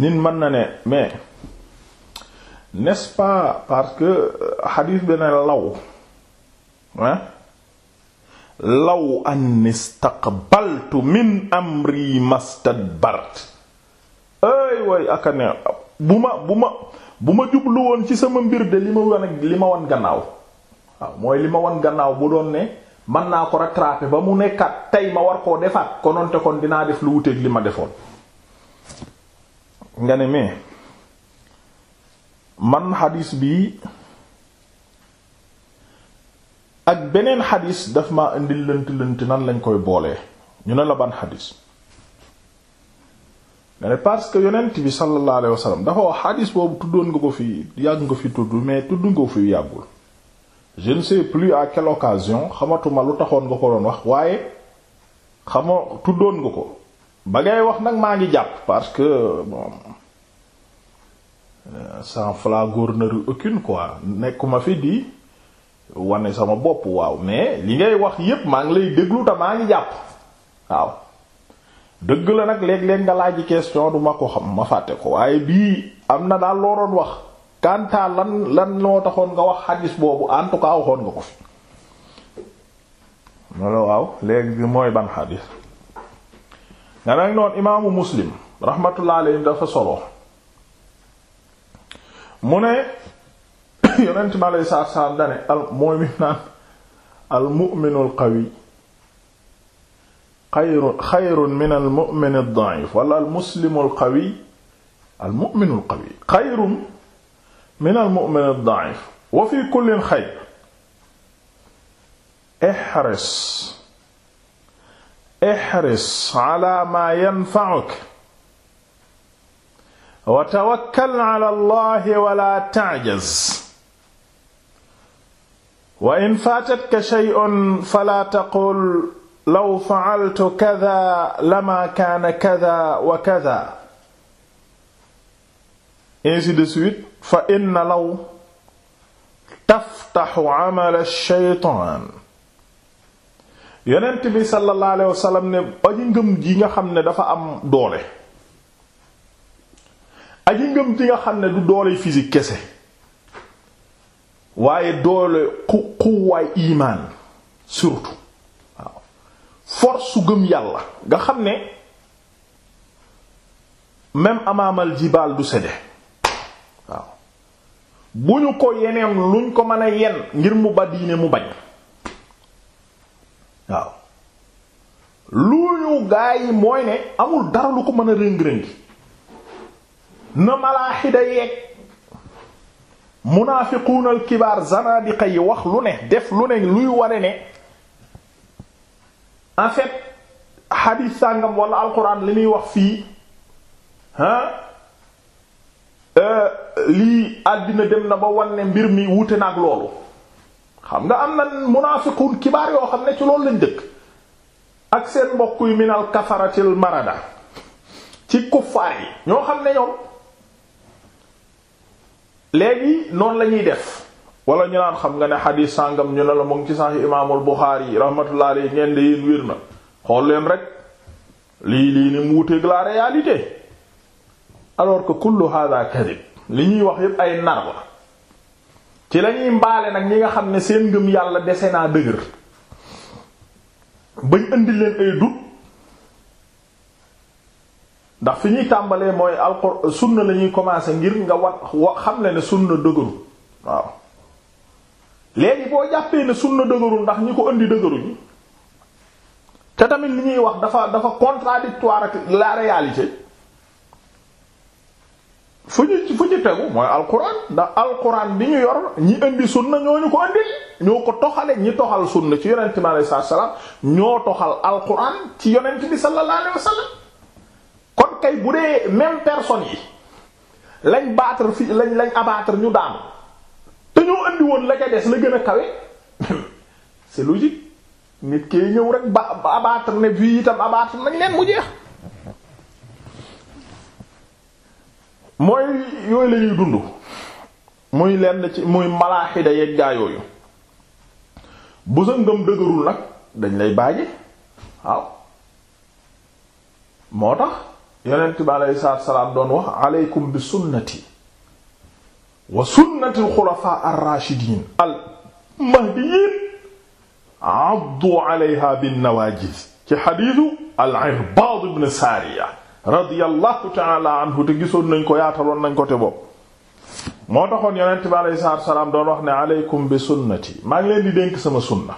nit mën na ne mais n'est-ce pas parce que xadiis euh, bi ne law ah law an istaqbaltu min amri mastadbart ay way aka ne bu ma bu ma bu ma jublu woon ci sama mbir de li ma wan li ma wan gannaaw waaw mooy li ma wan gannaaw bu doon ne mën naa ko rattraper ba mu nekkat tey ma war koo defaat konoonte kon dinaa def lu wuteeg li ma defoon nga ne mais man xadis bii ak beneen xadis daf ma indi lënt lënt nan lañ koy boolee ñu ne la ban xadis nga ne parce que yonent bi sallallahu alayhi wasallam dafa wax xadis boobu tuddoon nga ko fi yàgg nga fi tudd mais tudd nga ko fi yàggul je ne plus à quelle occasion xamatuma lu taxoon nga ko doon wax waaye xama tuddoon nga ko ba ngay wax nag maa ngi jàpp parce que bon euh, sans flagornerie aucune quoi ma fi di wane sama bopp waaw mais li ngay wax yépp maa ngi lay déglu maa ngi jàpp waaw dëgg la nag léeg-léeg nga laaj question du ko xam ma fàtte ko waaye bii am na daal loo wax kanta lan lan loo taxoon nga wax xadis boobu en tout waxoon nga ko fi. ma waaw léegi mooy ban xadis. nga nag noon imaamu muslim rahmatullah alayhi dafa solo mu ne yonent mi aleyhi salaatu salaam dane al mooy mi naan al mu'minu al qawi xayrun xayrun min al mu'min al da'if wala al muslimu al qawi al mu'minu al qawi xayrun min al mu'min al da'if wa fi kullin xayr ihris ihris ala ma yanfa'uk wa tawakkal ala allah wa la ta'jaz wa in faatatka shay'un fala taqul law fa'altu kadha lama kaana kadha wa kadha ainsi de suite fa inna law taftahu amala ash-shaytaan yonent bi sallallahu alayhi wasallam ne aji ngëm ji nga xam ne dafa am doole aji ngëm ji nga xam ne du doole physique kese waaye doole ku quwaay imaan surtout waaw su gëm yàlla nga xam ne même amaamal jibaal du sede waaw bu ñu ko yeneen luñ ko mën a yen ngir mu ba mu bañ waaw luuyu gaa yi mooy ne amul dara lu ko mën a rëng-rëngi na malaaxida yeeg munaafiquunal kibaar zanadiqa yi wax lu ne def lu ne luy ware ne en fait xadiis sàngam wala alquran li muy wax fii ah euh, lii àddina dem na ba wan ne mbir mi wuute naa ak loolu xam nga am na munaafiqun kibaar yoo xam ne ci loolu lañ dëkk ak seen mbokk yu minal kafaratil marada ci kuffaar yi ñoo xam ne ñoom léegi noonu la ñuy def wala ñu naan xam nga ne xadiis sàngam ñu ne la mu ngi ci Sahih Imaamul Buxaari rahmatullahi alayhi ngeen di yéen wér na xool leen rek lii lii alors que kullu hada li ñuy wax yépp ay nar la ci lañuy mbaale nag ñi nga xam ne seen ngëm yàlla dese naa dëgër bañ indi leen ay dut ndax fi ñuy tàmbalee mooy alxuraan sun la ñuy commencer ngir nga wat xam ne ne sunna dëgëru waaw léegi boo jàppee ne sunna dëgëru ndax ñi ko indi dëgëruñu te tamit li ñuy wax dafa dafa contradictoire ak la réalité fu ñu fu ñu tegu mooy alquran ndax alquran bi ñu yor ñi indi sunna ñoo ñu ko indi ñoo ko toxale ñi toxal sunna ci yonent bi alayhi salaam ñoo toxal alquran ci yonent bi sallallahu alayhi kon kay bu dee même personne yi lañ baatr fi lañ lañ abattre ñu daanu te ñoo indi woon la ca des la gën a kawe c'est logique nit kee ñëw rek ba abattre ne fii itam abattre nañ leen mu jeex. mooy yooyu lañuy dund muy lenn ci muy malaaxida yeeg bu sa ngëm nag dañ lay baaje waaw moo tax yonent bi aleyhi salaatu salaam doon wax aleykum bi sunnati wa sunnati alxulafaa alraashidiin al mahdiyiin addu aleyha bin nawaajiz ci xadiisu al Irbaad ibn Saariya radiyallahu ta'ala anhu te gisoon nañ ko yaataloon nañ ko te bopp moo taxoon yonent bi alayhi salaatu salaam doon wax ne aleykum bi sunnati maa ngi leen di dénk sama sunna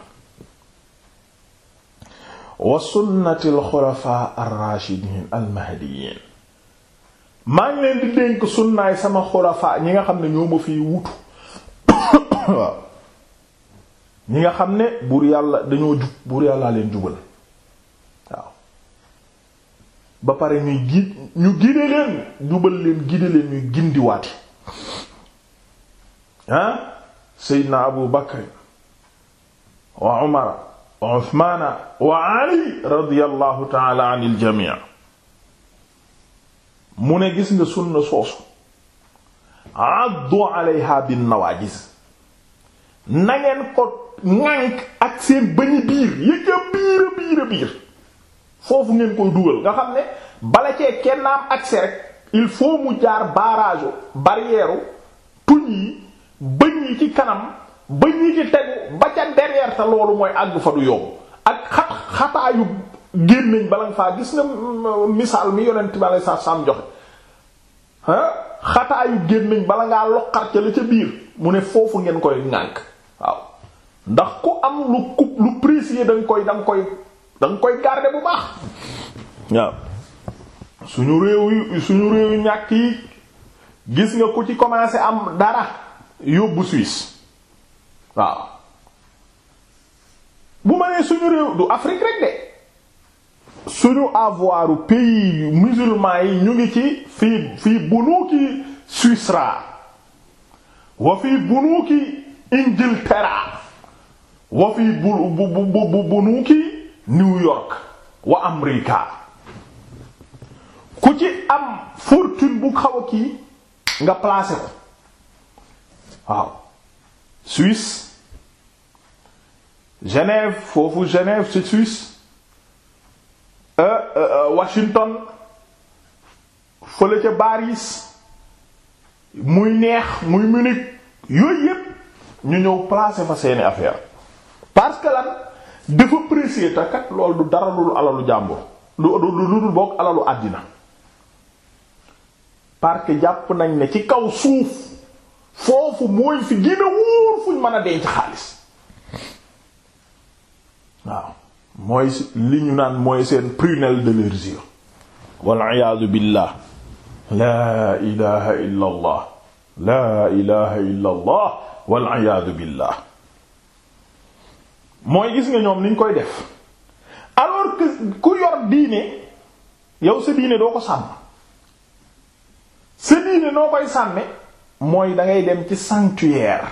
wa sunnati alxulafaa alraashidiin almahdiyiin sunnaay sama xulafaa ñi nga xam ne ñoo ma fiy wutu waaw ñi nga xam ne buur yàlla dañoo jub buur yàllaa leen jubal ba pare ñuy gi ñu gide leen jubal leen seydna abu bakr wa umar wa uthmaana wa ali radiyallahu taala anil jamii mu ne gis nga sunna soosu addu alayha bin nawaajis nangeen ko ŋànk ak seen bañi biir yëg biir a biir a biir foofu ngeen koy dugal nga xam ne bala cee kenn am accès rek il faut mu jaar barrage barrière tuñ yi bëñ yi ci kanam bëñ yi ci tegu ba ca derrière te loolu mooy àgg fa du yomb ak xat xataayu génnañ bala nga gis nga misaal mi yonent sa sam joxe bala ngaa loqar ca la ca biir mu ne foofu ngeen koy ŋànk waaw ndax ku am lu coup lu précieux danga koy danga koy da koy garder bu baax waaw suñu réew yi suñu réew yu ñàkk yi gis nga ko ci commencé am dara yóbbu Suisse waaw bu ma nee suñu réew du Afrique rek de suñu avoiru pays musulman yi ñu ngi ci fii fii bunuuki Suissera wa fii bunuuki Ingilterra wa fii bunuuki New York wa Amrika ku ci am fortune bu xaw kii nga placé ko waaw Suisse Genève foofu Genève c'est Suisse euh, euh, euh, Washington fële ca Paris muy neex muy Munich yooyu yépp ñu ñëw placé fa seeni affaire parce dafa précieux te loolu du dara lu alalu jàmbur lu lu dul bokk alalu àddina parce jàpp nañ ne ci kaw suuf foofu mooy fi gën a wóor fuñ mën a denc xaalis waaw mooy li ñu naan mooy seen prunelle de leurs yeux wal iyaadu billah laa ilaha illa laa ilaha illa wal iyaadu billah mooy gis nga ñoom niñ koy def alors que ku yor diine yow sa diine doo ko sàmm sa diine noo koy sàmme mooy dangay dem ci sanctuaire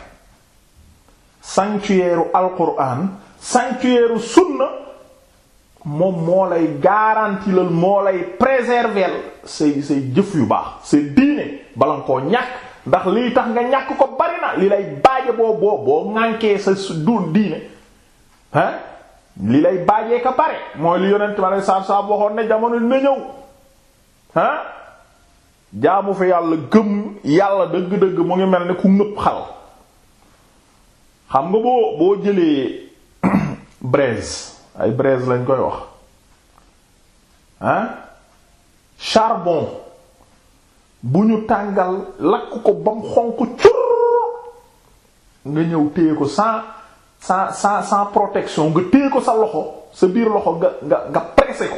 sanctuaire u alquran sanctuaire u sunna moom moo lay garantilal moo lay préserver say say jëf yu baax sa diine bala nga koo ñàkk ndax lii tax nga ñàkk ko bari na li lay baaje boo boo boo sa du diine ah li lay bàyyee ka pare mooy li yonent ma saab-saab waxoon ne jamono na ñëw ah jaamu fi yàlla gëm yàlla dëgg-dëgg mu ngi mel ni ku ngëpp xal xam nga boo boo jëlee braise ay braise lañ koy wax ah charbon bu ñu tàngal lakk ko bam xonq cur nga ñëw téye ko sans sans sans sans protection nga téye ko sa loxo sa biir loxo nga nga nga pressé ko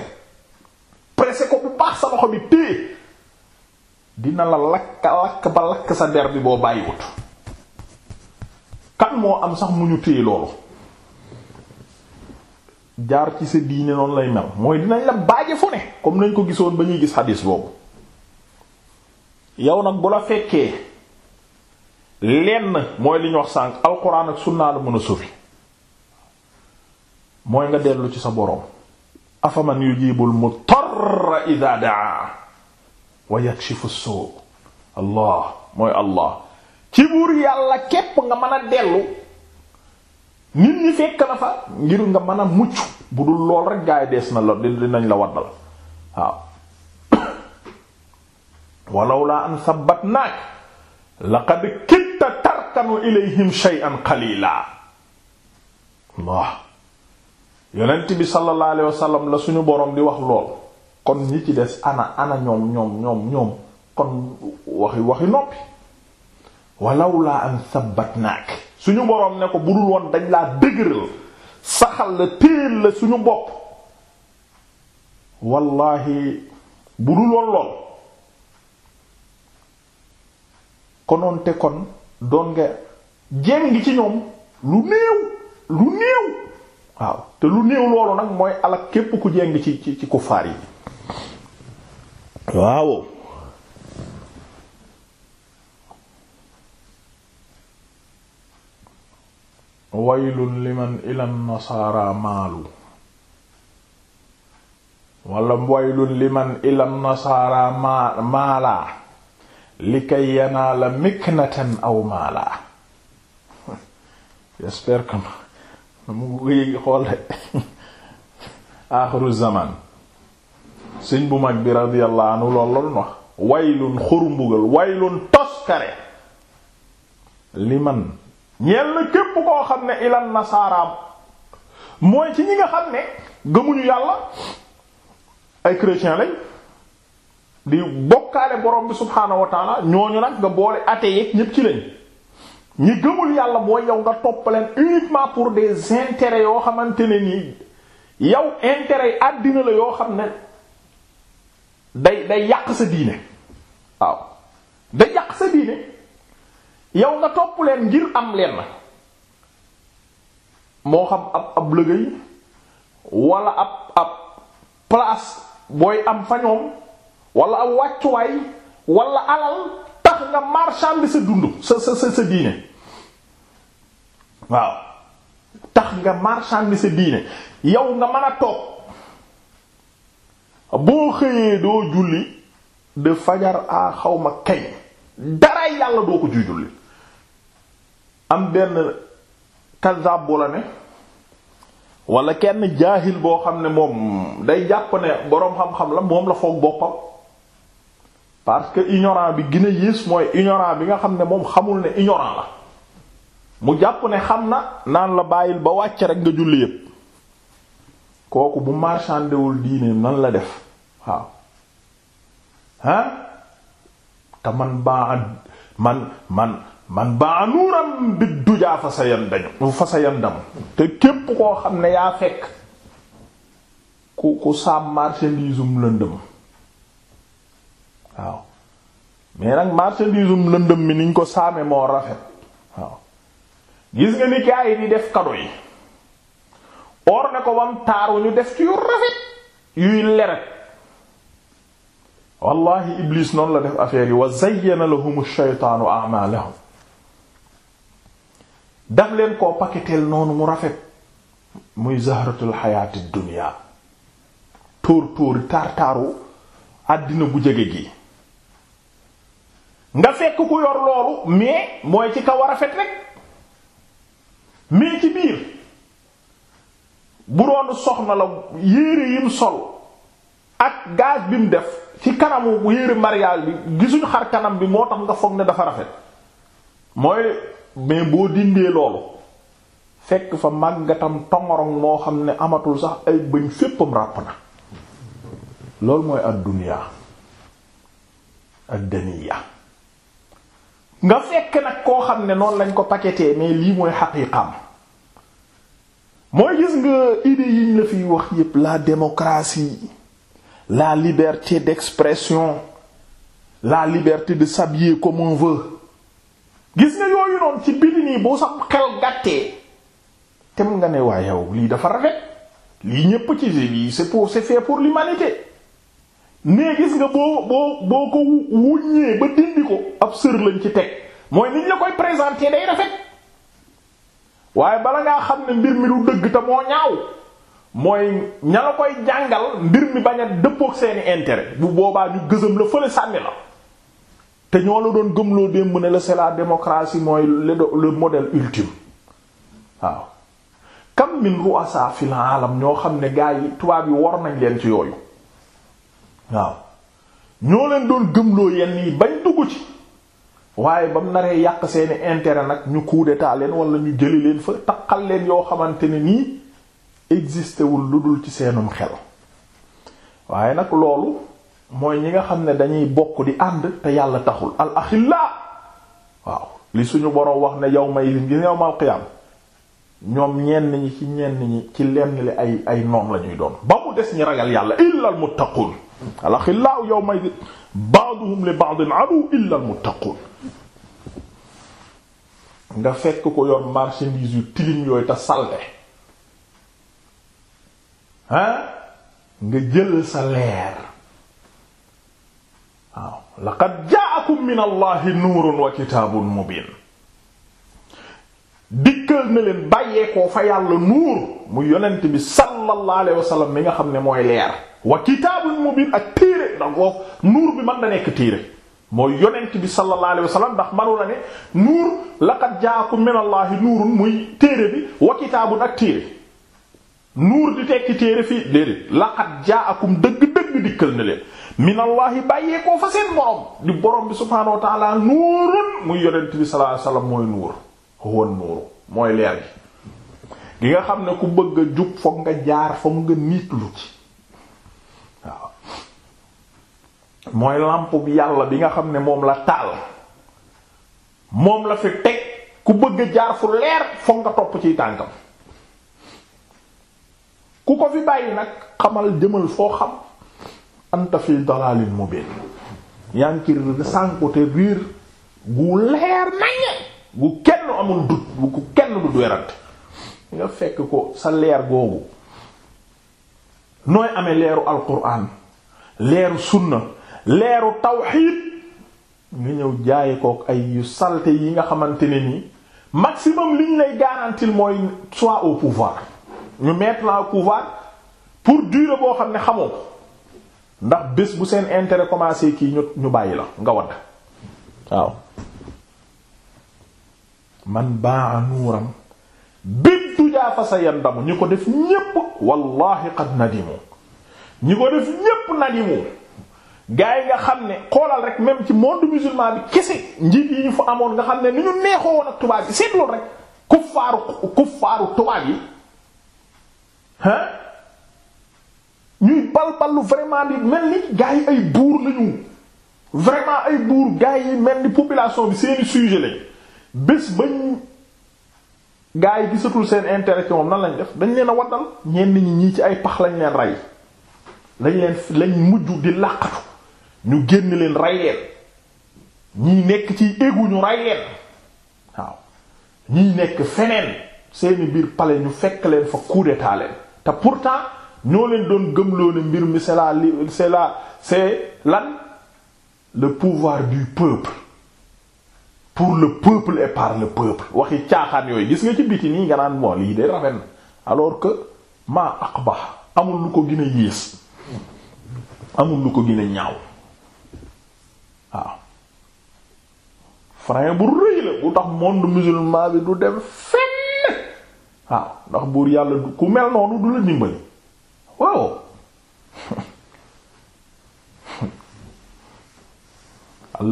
pressé ko bu baax sa loxo bi téye dina la lakk lakk ba lakk sa der bi boo bàyyiwut kan moo am sax mu ñu téye loolu jaar ci sa diine noonu lay mel mooy dinañ la baaje fu ne comme nañ ko gisoon ba ñuy gis xadiis boobu yow nag bu la fekkee lenn mooy li ñu wax sànq alquran ak sunnaa la mën a sufi mooy nga dellu ci sa boroom afaman yujibul mutarra idha daa wa yakshifu suu allah mooy allah ci buur yàlla képp nga mën a dellu nit ñi fekk na fa ngir nga mën a mucc bu dul lool rek gaay dees na la dinañ la waddal waaw walawla an sabbatnaak laqad kunta tarkanu ilayhim shay'an qalila waaw yonent bi sallallahu alayhi la suñu boroom di wax lool kon ñi ci des ana ana ñoom ñoom ñoom ñoom kon waxi waxi noppi walawlaa an sabbatnaak suñu boroom ne ko bu dul woon dañ laa dëgëral saxal la téel la suñu bopp wallahi bu dul woon lool konoonte kon doon nga jéng ci ñoom lu néew lu néew waaw te lu néew loolu nag mooy alak képp ku jéng ci ci ci kuffaar yi waaw waylun liman ilan nasaara maalu wala waylun liman ilan nasaara maalaa li kay yanaala miknatan aw maala j'espère que mu ngi xool aaxiru zaman sëñ bu mag bi radiyallahu anhu lool lool wax waylun xurumbugal waylun toskare li man ñeel na képp koo xam ne ilan nasaaraam mooy ci ñi nga xam ne gëmuñu yàlla ay chrétien lañ di bokkaale borom bi subhaanahu wa taala ñooñu nag nga boole athée yeeg ñépp ci lañ ñi gëmul yàlla mooy yow nga toppaleen uniquement pour des intérêts yoo xamante ni nii yow intérêts yi àddina la yoo xam ne day day yàq sa diine waaw day yàq sa diine yow nga topp leen ngir am leen na moo xam ab ab liggéey wala ab ab place booy am fa ñoom wala am wàccuwaay wala alal tax nga bi sa dund sa sa sa diine waaw tax nga marchander sa diine yow nga mën a toog boo xëyee doo julli de fajar a xawma kañ dara yàlla doo ko ciy julli am benn kazab bu la ne wala kenn jaahil boo xam ne moom day jàpp ne boroom xam-xam la moom la foog boppam parce que ignorant bi gina a yées mooy ignorant bi nga xam ne moom xamul ne ignorant la mu jàpp ne xam na naan la bàyyil ba wàcc rek nga julli yépp kooku bu marchandewul diineem nan la def waaw ah man man man man baa nuuram te képp koo xam ne yaa fekk ku ku saam marchandisum waaw mais nag marchandisum lëndëm mi niñ ko saame moo rafet waaw gis nga ni gaa yi def kado yi or ne ko bam taaru ñu def ci yu rafet yuy leret wallahi iblis noonu la def affaire yi wa zayyana lahum shaytaanu a'malahum daf leen koo paketeel noonu mu rafet muy zahratul xayaati dunya tóor tóori taar taaru àddina bu jege gi nekk ku yor loolu mais mooy ci kaw rafet rek mais ci biir bu doon soxna la yére yim sol ak gaz bi mu def ci kanamu yére mariage bi gisuñ xar kanam bi moo tax nga foog ne dafa rafet mooy mais boo dindee loolu fekk fa màggatam tongorong moo xam ne amatul sax ay bëñ féppam ràpp na loolu mooy ad-dunya ad nga fekk nag koo xam ne noonu lañ ko paketee mais lii mooy xaqiiqam mooy gis nga idée yiñ la fiy wax yépp la démocratie la liberté d'expression la liberté de s'habiller comme on gis nga yooyu noonu ci biti nii boo sax xel gàttee te mu nga ne waa yow lii dafa rafet lii ñépp ci c'est pour c'est fait pour l'humanité mais gis nga boo boo boo ko wuññee ba dindi ko ab sër lañ ci teg mooy niñ la koy présenter day rafet waaye bala ngaa xam ne mbir mi du dëgg te moo ñaaw mooy ña la koy jàngal mbir mi bañ a dëppook seeni intérêt bu boobaa ñu gësam la fële sànni la te ñoo la doon gëmloo démb ne la c'est la démocratie mooy le modèle ultime waaw kam min ru'asa fil alam ñoo xam ne gaa yi tubaab yi war nañ leen ci yooyu waaw ñoo leen doon gëmloo yenn yi bañ dugg ci waaye ba mu naree yàq seeni intérêt nag ñu coup d'état leen wala ñu jëli leen fa taqal leen yoo xamante ne nii existé wul lu dul ci seenum xel waaye nag loolu mooy ñi nga xam ne dañuy bokk di ànd te yàlla taxul al waaw li suñu boroom wax ne yawma izin gi yawmal qiyaam ñoom ñenn ñi ci ñenn ñi ci lenn li ay ay noon la ñuy doon ba mu des ñi ragal yàlla illal taxul alaxillaahu yawma idin ba'duhum li ba'din adu illa al-muttaqun nga fekk ko yoon marchandise yu tilim yooyu te salte ah nga jël sa leer waaw laqad ja'akum min allahi nuurun wa kitaabun mubiin dikkal na leen bàyyeekoo fa yàlla nuur mu yonent bi sallallahu alayhi wa mi nga xam ne mooy leer wa kitaabul mubiin ak téere ndax boof nuur bi mën da nekk téere mooy yonent bi sallallahu alayhi wa ndax manu la ne nuur laqad jaakum minallahi nuurun muy téere bi wa kitaabun ak téere nuur di tekki téere fii déedéet laqad jaakum dëgg-dëgg dikkal na leen minallahi bàyyeekoo fa seen borom di borom bi subhaanahu wa ta'ala nuurun muy yonent bi sallallahu mooy nuur huwa nuuru mooy leer gi gi nga xam ne ku bëgg a jub fokk nga jaar fa mu nga niitlu ci waaw mooy làmp yàlla bi nga xam ne moom la taal moom la fi teg ku bëgg a jaar fu leer fokk nga topp ciy tàngam ku ko fi bàyyi nag xamal jëmal foo xam anta fi dalalin mubin yaa sànku te riir gu leer nañ bu kenn amul dut bu kenn du werante nga fekk ko sa leer googu nooy amee leeru alquran leeru sunna leeru tawxiid nga ñëw jaayi kook ay yu salte yi nga xamante ne nii maximum liñ lay garantir mooy soit au pouvoir ñu mettre la au pouvoir pour durer boo xam ne xamoo ko ndax bés bu seen intérêt commencé kii ñu ñu bàyyi la nga wadd waaw man baa nuuram bit dujaa fa sa yandamu ñu ko def ñépp wallahi qad nadimu ñi ko def ñépp nadimu gaa yi nga xam ne xoolal rek même ci monde musulman bi kese njiit yi ñu fa amoon nga xam ne ni ñu neexoo woon ak tubaab yi rek kuffaaru kuffaaru tubaab yi hein ñuy balballu vraiment mel ni gaa ay buur ay buur gaa yi mel ni population bi seeni sujet lañu bés bañ gaa yi gisatul seen intérêt ci moom nan lañ def dañ leen a waddal ñenn ñi ñii ci ay pax lañ leen rey lañ leen lañ mujj di làqatu ñu génn leen rey leen nekk ci égu ñu rey leen waaw ñii nekk feneen seeni biir palais ñu fekk leen fa coup d'état te pourtant ñoo leen doon gëmloo ne mbir mi c'est la c'est la c'est lan le pouvoir du peuple pour le peuple et par le peuple waxi caaxaan yooyu gis nga ci biti nii nga naan moo lii de rafet na alors que maa aqbah amul lu ko gën a yées amul lu ko gën ñaaw waaw frein bu rëy la bu tax monde musulman bi du dem fenn waaw ndax buur yàlla ku mel noonu du la dimbali waaw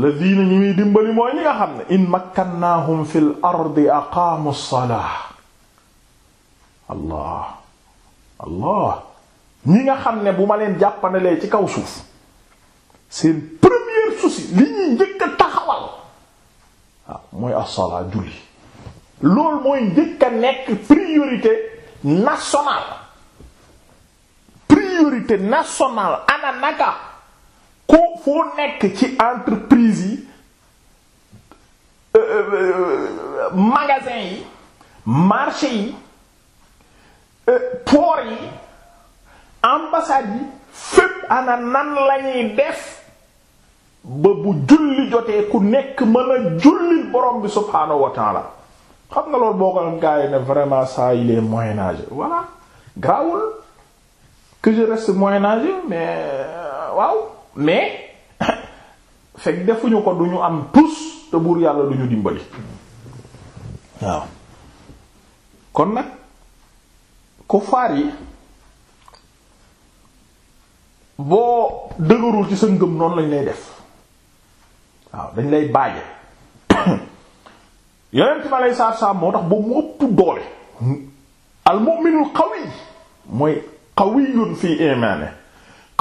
alladina ñu muy dimbali xam ne in makkannaahum fil ardi aqaamu allah allah ñi nga xam ne bu ma leen jàppandalee ci kaw suuf seen première souci li ñuy njëkk taxawal ah, mooy as-salaa julli loolu mooy njëkk a nekk priorité nationale priorité nationale ana naka ku foo nekk ci entreprise yi euh, euh, euh, magasin yi marché yi port yi ambassade yi fépp ana nan lañuy def ba bu julli jotee ku nekk mën a jullil borom bi subhaanahu wa xam nga lool boo ko am gars yi ne vraiment ça il est moyen âge voilà grawul que je reste moyen âge mais waaw mais fekk defuñu ko duñu am tus te buur yàlla duñu dimbali waaw kon nag kufaar yi boo dëgërul ci sa ngëm noonu lañ lay def waaw dañ lay baaje yonent bi aleyhi salaatu salaam moo tax ba mu ëpp doole al mu'minul qawi mooy qawiyun fi imaanihi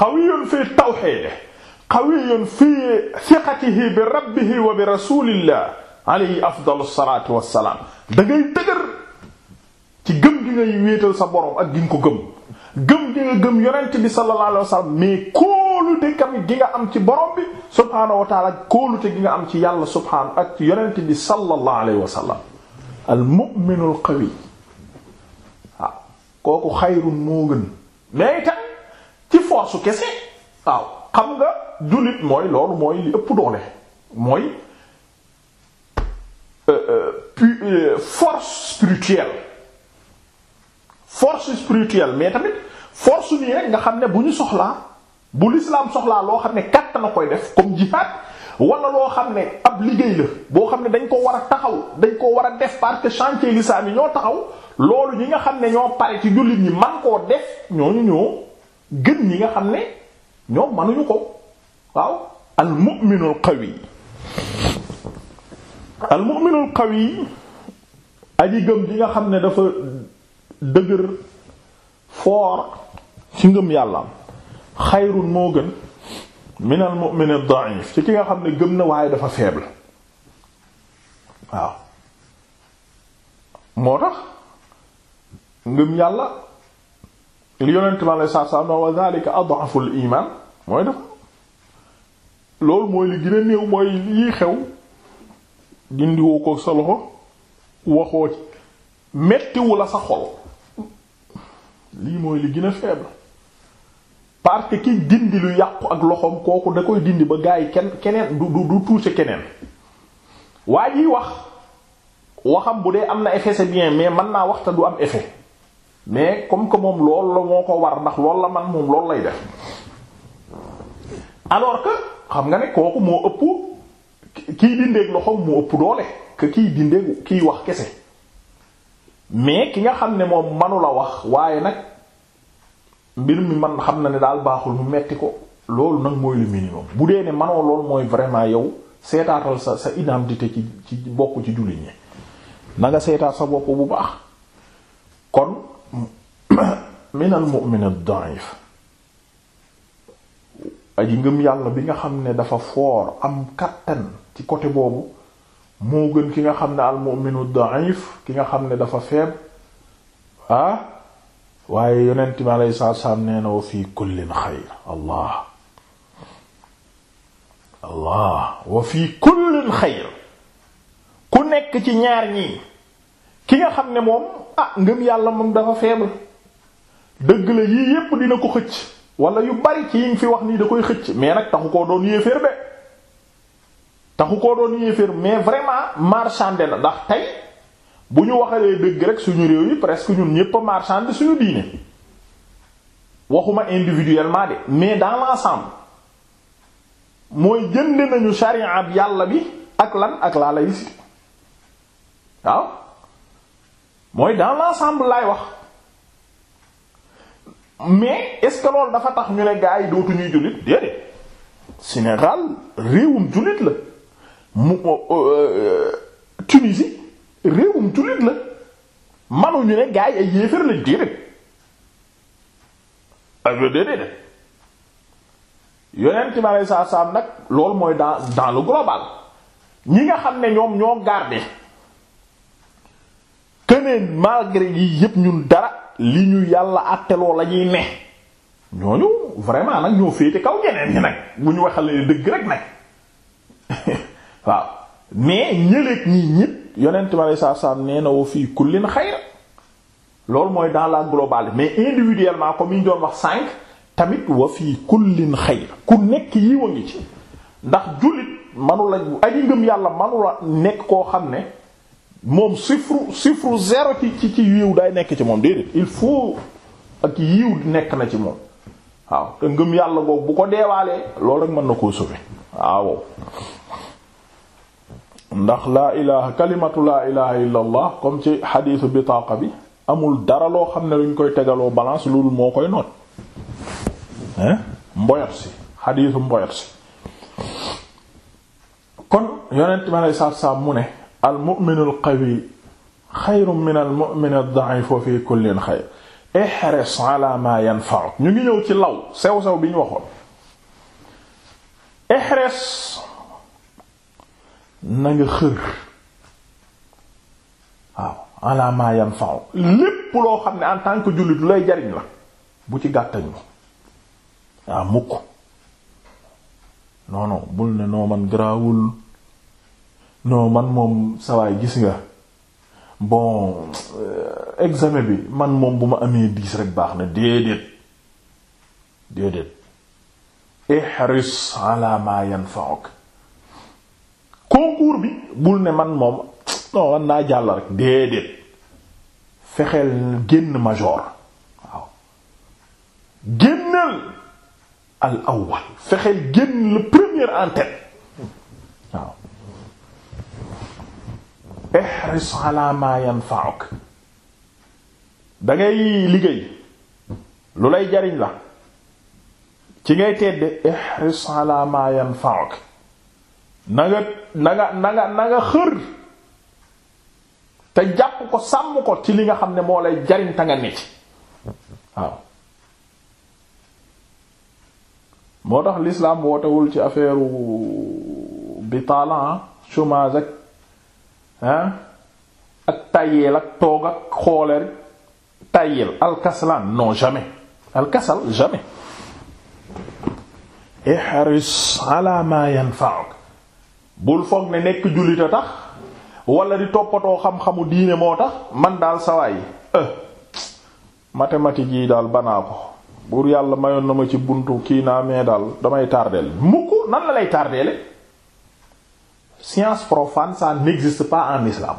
qawiyun fi tawhidihi qawiyun fi thiqatihi bi rabbihi wa bi rasulillah alayhi afdalu salaatu wassalaam da ngay dëgër ci gëm gi ngay wéetal sa borom ak gi nga ko gëm gëm gi nga gëm yonent bi sallallahu alayhi wasallam mais kóolute kam gi nga am ci borom bi subhaanahu wa taala kóolute gi nga am ci yàlla subhaanahu ak yonent bi sallallahu alayhi wasallam al mu'minul qawi waaw kooku xayrun moo gën force waaw xam nga jullit mooy loolu mooy ëpp doole mooy euh, euh, euh, force spirituelle force spirituelle mais tamit force nii rek nga xam ne bu ñu soxlaa bu lislaam soxlaa loo xam ne kàttan na koy def comme jihad wala loo xam ne ab liggéey la boo xam ne dañ ko war a taxaw dañ ko war a def parce que chantier l'islam yi ñoo taxaw loolu ñi nga xam ne ñoo pare ci jullit ñi man koo def ñooñu ñëw gën ñi nga xam ne ñoom mënuñu ko waaw al mu'minul qawi al mu'minul qawi aji gëm ji nga xam ne dafa dëgër foor ci ngëm yàllaam xayrun moo gën min al mu'min ad ci ki nga xam ne gëm na waaye dafa faible waaw moo tax ngëm yàlla li yonent ma lay saabsaab non wa zalika ad'aful iman mooy dafa loolu mooy li gën a néew mooy lii xew dindiwoo ko sa loxo waxoo ci mettiwu la sa xol lii mooy li gën a faible parce que ki dindi lu yàqu ak loxoom kooku da koy dindi ba gaa yi kenn keneen du du du toucher keneen waa jiy wax waxam bu dee am na effet c'est bien mais mën naa wax te du am effet. mais comme que moom loolu la moo ko war ndax loolu la man moom loolu lay def alors que xam nga ne kooku moo ëpp kiy dindeeg loxoom moo ëpp doole que kiy dindeeg kiy wax kese mais ki nga xam ne moom manu wax waaye nag mbir mi man xam na ne daal baaxul mu metti ko loolu nag mooy le minimum bu dee ne manoo lool mooy vraiment yow seetaatal sa sa identité ci ci bokk ci jullit ñi na nga seetaat sa bopp bu baax kon min al mu'min ad ngëm yàlla bi nga xam ne dafa foor am kàttan ci côté boobu moo gën ki nga xam ne al mu'minu da'if ki nga xam ne dafa feeb ah waaye yonent bi alayhi salaatu salaam nee na wa fii kullin xayr allah allah wa fii kullin xayr ku nekk ci ñaar ñii ki nga xam ne moom ah ngëm yàlla moom dafa faible dëgg la yii yépp dina ko xëcc wala yu bari ci yiñ fi wax nii da koy xëcc mais nag taxu koo doon yéeféer be taxu koo doon yéeféer mais vraiment marchandé la ndax tey bu ñu waxalee dëgg rek suñu réew yi presque ñun ñépp a suñu diine waxuma individuellement de mais dans l'ensemble mooy jënd nañu sharia bi yàlla bi ak lan ak laa lay si waaw mooy dans l'ensemble laay wax mais est-ce que dafa tax ñu ne gaa yi dootu ñuy jullit déedéet Sénégal réewum jullit la mu euh, euh, Tunisie réewum jullit la manuñu ne gaa yi ay yéefar lañ déedéet ay déedéet yonent bi aleyhi salaatu salaam nag loolu mooy dans dans le global ñi nga xam ne ñoom ñoo garder que malgré yi yépp ñun dara. li ñu yàlla àtteloo la ñuy ne ñooñu vraiment nag ñoo féete kaw ñeneen ñi nag bu ñu waxalee dëgg rek nag waaw mais ñëleeg ñi ñit yonent ma lay saa saam na wa fii kullin xayr loolu mooy dans la globalité mais individuellement comme yi ñu doon cinq tamit wa fii kullin xayr ku nekk yiw a ngi ci ndax jullit manu la aji yàlla manu nekk koo xam ne moom sifru sifru zéro ci ci ci yiw day nekk ci moom déedéet il faut ak yiw nekk na ci moom waaw te ngëm yàlla boobu bu ko deewaalee loolu rek mën na koo sauver waaw ndax laa ilaha kalimatu laa ilaha illa allah comme ci xadiisu bitaaqa bi amul dara loo xam ne luñ koy tegaloo balance loolu moo koy noot mboyot si xadiisu mboyot si kon yonent ma lay saab saab mu ne almu'min alqawi xayrun min almu'min ad-da'if fi kullin xayr ihris ma yanfa'uk ñu ngi ñëw ci law sew sew bi ñu waxoon ihris na nga xër waaw ala ma yanfa'uk lépp loo xam ne en tant que jullit lay jariñ la bu ci gàttañ lu waaw mukk non bul ne noo man garaawul non man moom sawaay gis nga bon euh, examen bi man moom bu ma amee diis rek baax na déedéet déedéet ihris ala ma yanfa'uk concours bi bul ne man moom non man naa jàll rek déedéet fexeel génn major waaw génnal al awwal fexeel génn le premier en ihris ala ma yanfa'uk liggéey lu lay jariñ la ci ngay tedde ihris ala ma yanfa'uk na nga na nga xër te jàpp ko sàmm ko ci li nga xam ne moo lay jariñ ta nga ne ci waaw moo tax l'islam wootewul ci affaire bitaala ah, chômage ak ak tayeel ak toog ak xooleel tayeel alkaslaan non jamais alkasal jamais ihris ala ma bul foog ne nekk jullit a tax wala di toppatoo xam-xamu diine moo tax man daal sawaay eh, mathématiques yi daal banaa ko buur yàlla mayoon na ma ci buntu kii naa mais daal damay tardeel mukk nan la lay tardeele science profane ça n'existe pas en islam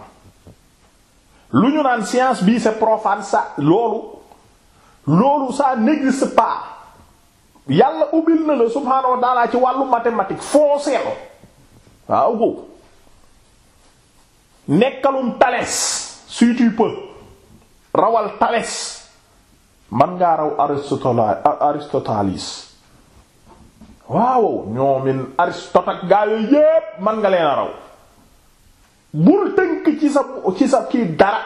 lu ñu naan science bi c'est profane ça loolu loolu ça n'existe pas yàlla ubbil na la subhaanahu wa ci wàllu mathématique foncé lo waaw ko nekkalum Thalès si tu rawal Thalès man ngaa raw Aristote waaw ñoomin Aristote ak gaa yooyu yépp man nga leen a raw bul tënk ci sa ci sa kii dara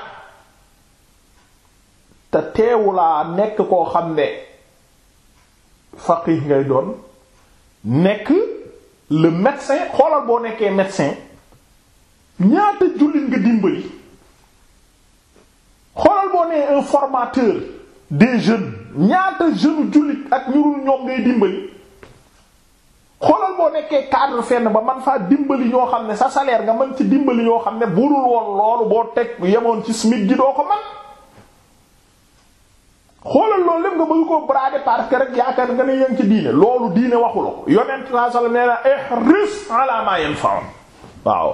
te teewulaa nekk koo xam ne faqih ngay doon nekk le médecin xoolal boo nekkee médecin ñaata jullit nga dimbali xoolal boo nee un formateur des ñaata jeunes jullit ak ñurul ñoom ngay dimbali xoolal boo nekkee cadre fenn ba man faa dimbali ñoo xam ne sa salaire nga man ci dimbali ñoo xam ne burul woon loolu boo teg yemoon ci SMIC gi doo ko man xoolal loolu lépp nga bëgg koo brader parce que rek yaakaar nga ne yéen ci diine loolu diine waxu la ko yonent sallallahu alayhi wasallam nee na ihris ala ma yanfa'un waaw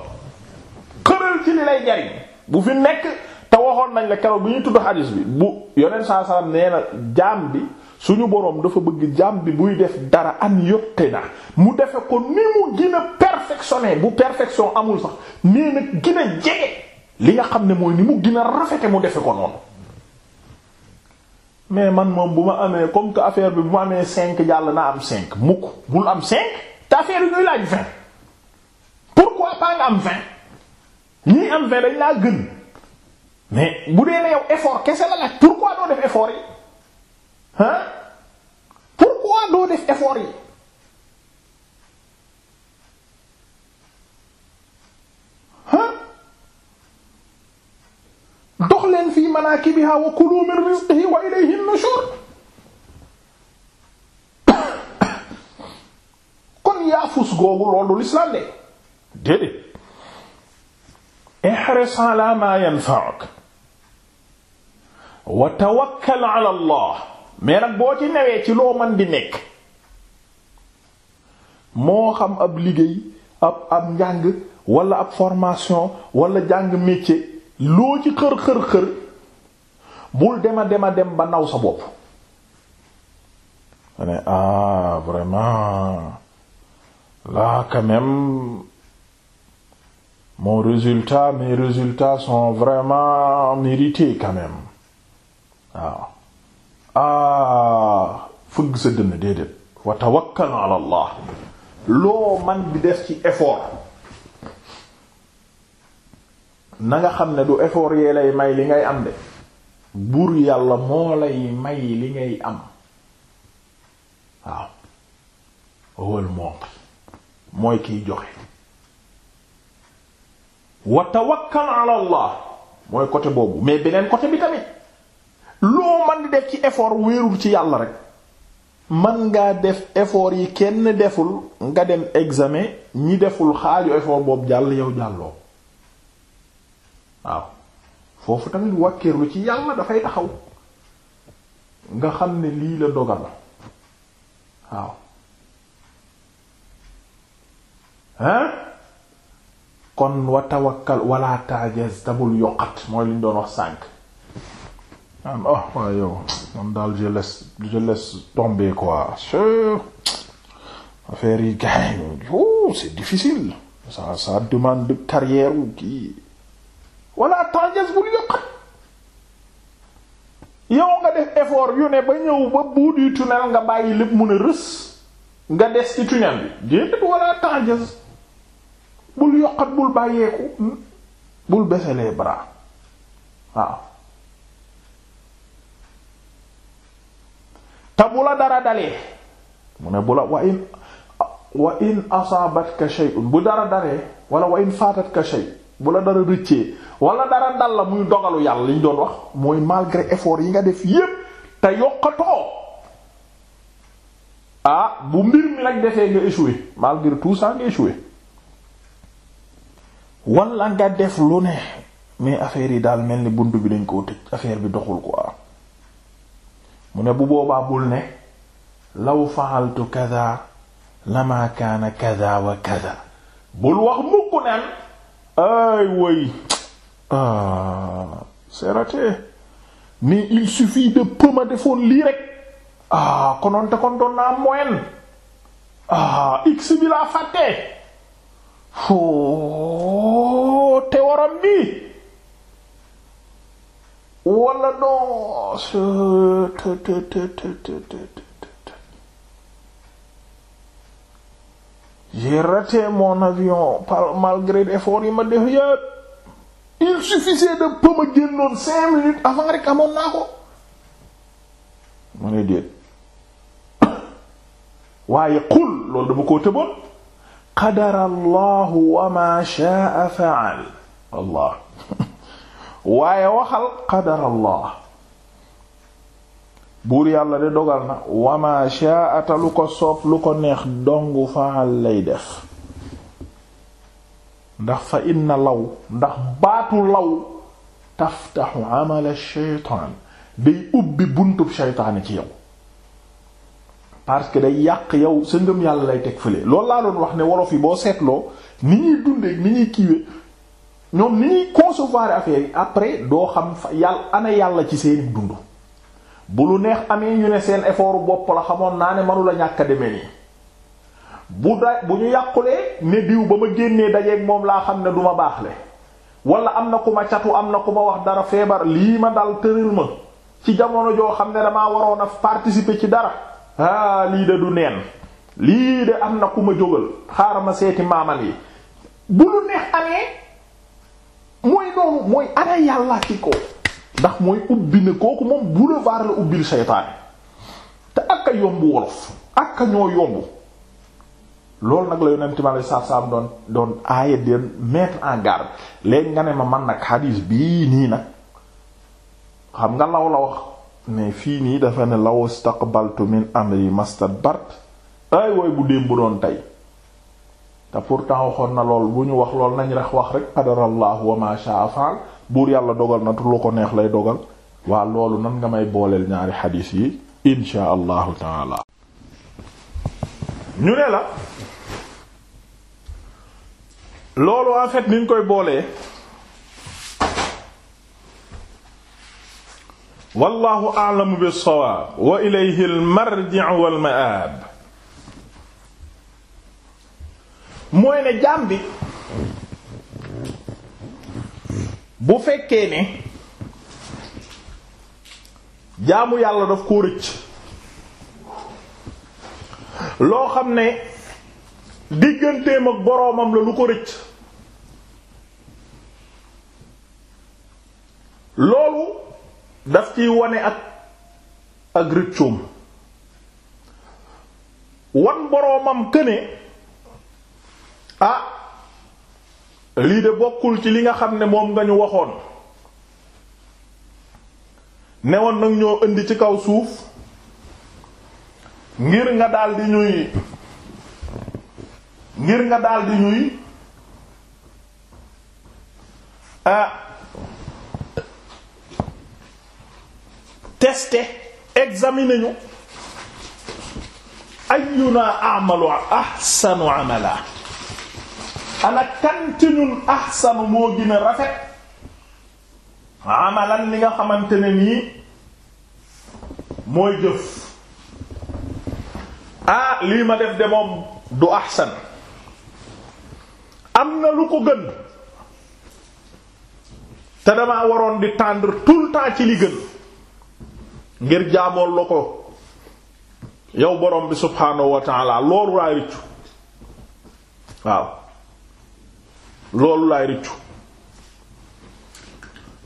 xëral ci li lay jariñ bu fi nekk te waxoon nañ la keroog bi ñu tudd xadiis bi bu yonent sallallahu alayhi wasallam nee jaam bi suñu boroom dafa bëgg jaam bi buy def dara an yotti na mu defe ko ni mu gën a bu perfection amul sax nii nag a jege li nga xam ne mooy ni mu gën a rafete mu defe ko noonu mais man moom bu ma amee comme que affaire bi bu ma amee cinq jàll naa am cinq mukk bul am cinq te affaire yi ñuy laaj vingt pourquoi pas nga am vingt ñii am vingt dañ laa gën mais bu dee ne yow effort kese la laaj pourquoi doo def effort yi hein pourquoi doo def effort yi hein dox leen fii manaakibiha wa kulu min rizqihi wa ilayhi nushur kon yaafus googu loolu l'islam de déedéet ihris ala ma yanfa'uk wa tawakkal ala Allah mais nag boo ci newee ci loo man di nekk moo xam ab liggéey ab ab njàng walla ab formation wala jàng métier loo ci xër xër xër bul dema dema dem ba naw sa bopp ne ah vraiment là quand même mon résultat mes résultats sont vraiment mérités quand même waaw ah fëgg sa dënn déedéet wa tawakkal ala loo man bi def ci effort nanga xam ne du effort yee lay may li ngay am de buur yàlla moo lay may li ngay am waaw owal moom mooy kiy joxe wa tawakkal mooy côté boobu mais beneen côté bi tamit loo man def ci effort wéerul ci yàlla rek man ngaa def effort yi kenn deful nga dem examen ñi deful xaaju effort boobu jàll yow jàlloo waaw foofu tamit wàkkeerlu ci yàlla dafay taxaw nga xam ne lii la dogal waaw hein kon wa tawakkal wala taajaz tabul yoqat mooy liñ doon wax sànk am ah oh, waaye yow man daal nga def effort yu ne ba ñëw ba bout du tunnel nga bàyyi lépp mun a rës nga des ci tunnel bi déedéet wala tenges bul yokkat bul bàyyeeku bul baisser les waaw te bu la dara dalee mu ne bu la wa in wa in asaabatka shay'un bu dara dalee wala wa in faatatka shay bu la dara rëccee wala dara dal la muy doxalu yàlla li doon wax mooy malgré effort yi nga def yëpp te yokkatoo ah bu mbir mi nag defee nga échoué malgré tout ça nga échoué wala nga def lu ne mais affaire yi daal mel ni bunt bi dañ koo tëj affaire bi doxul quoi mu ne bu boobaa bul ne law fa'altu kaza lama kaana kaza wa kaza bul wax mukk naan ay woy ah c'est raté il suffit de ma defoon lii rek ah konoon te kon doon naa moyen ah x bi laa fàtte foo te waram bi wala non j'ai raté mon avion par malgré l'effort yi ma def yépp il suffisait de peu ma génnoon cinq minutes avant rek amoon naa ko ma ne déet waaye qul loolu dama koo tëboon qadara allahu wa ma sha'a fa'al allah waaye waxal qadarallah buur yàlla de dogal na wama shaa'ata ko soob lu ko neex dongu faal lay def ndax fa inna law ndax baatu law taftaxu amala sheytaan day ubbi buntub sheytaani ci yow parce que day yàq yow sa ngëm yàlla lay teg fële loolu laa doon wax ne wolof yi boo seetloo ni ñuy dundeek ni ñuy kiiwe ñoom ni ñuy concevoir affaire yi après doo xam yàlla ana yàlla ci seeni dund bu lu neex amee ñu ne seen effort bopp la xamoon naa ne mënu ñàkk a demee nii bu da bu ñu yàqulee ne diw ba ma génnee dajeeg moom laa xam ne duma baaxle wala am na ku ma catu am na ku ma wax dara feebar lii ma dal tëral ma ci jamono joo xam ne damaa waroon a participer ci dara ah lii de du neen lii de am na ku ma jógal xaaral ma seeti maaman yi bu lu neex amee. mooy loolu mooy ana yàlla ki ko ndax mooy ubbi na kooku moom boulevard la ubbil seytaane te ak a yomb wolof ak ñoo yomb loolu nag la yonent ma lay saab-saab doon doon aaya den mettre en garde léegi nga ne ma man nag xadiis bii nii nag xam nga law la wax mais fii nii dafa ne law staqbaltu min amri mastadbart ay wooy bu démb doon tey te pourtant waxoon na lool bu ñu wax lool nañ rex wax rek qadarallahu wa ma sha'a fa'al buur yàlla dogal na lu ko neex lay dogal waa loolu nan nga may booleel ñaari xadiis yi insha allahu taala ñu ne la loolu en fait niñ koy boolee wallahu a'lamu bis-sawaab wa ilayhi al-marji'u wal mooy ne jaam bi bu fekkee ne jaamu yàlla daf koo rëcc loo xam ne digganteem ak boroomam la lu ko rëcc loolu daf ciy wane ak ak rëccoom wan boroomam këne ah lii de bokkul ci li nga xam ne moom nga ñu waxoon newoon nag ñoo indi ci kaw suuf ngir nga daldi ñuy ngir nga daldi ñuy ah tester examiner ñu ayyuna amalu ahsanu amala ana kan ci ñun moo gën a amalan li nga xamante ne nii mooy jëf ah lii ma def de moom du ahsan am na lu ko gën te damaa waroon di tànd tout le temps ci li gën ngir jaamoon la ko yow borom bi subhaanahu wa loolu raay rëccu waaw loolu laay rëccu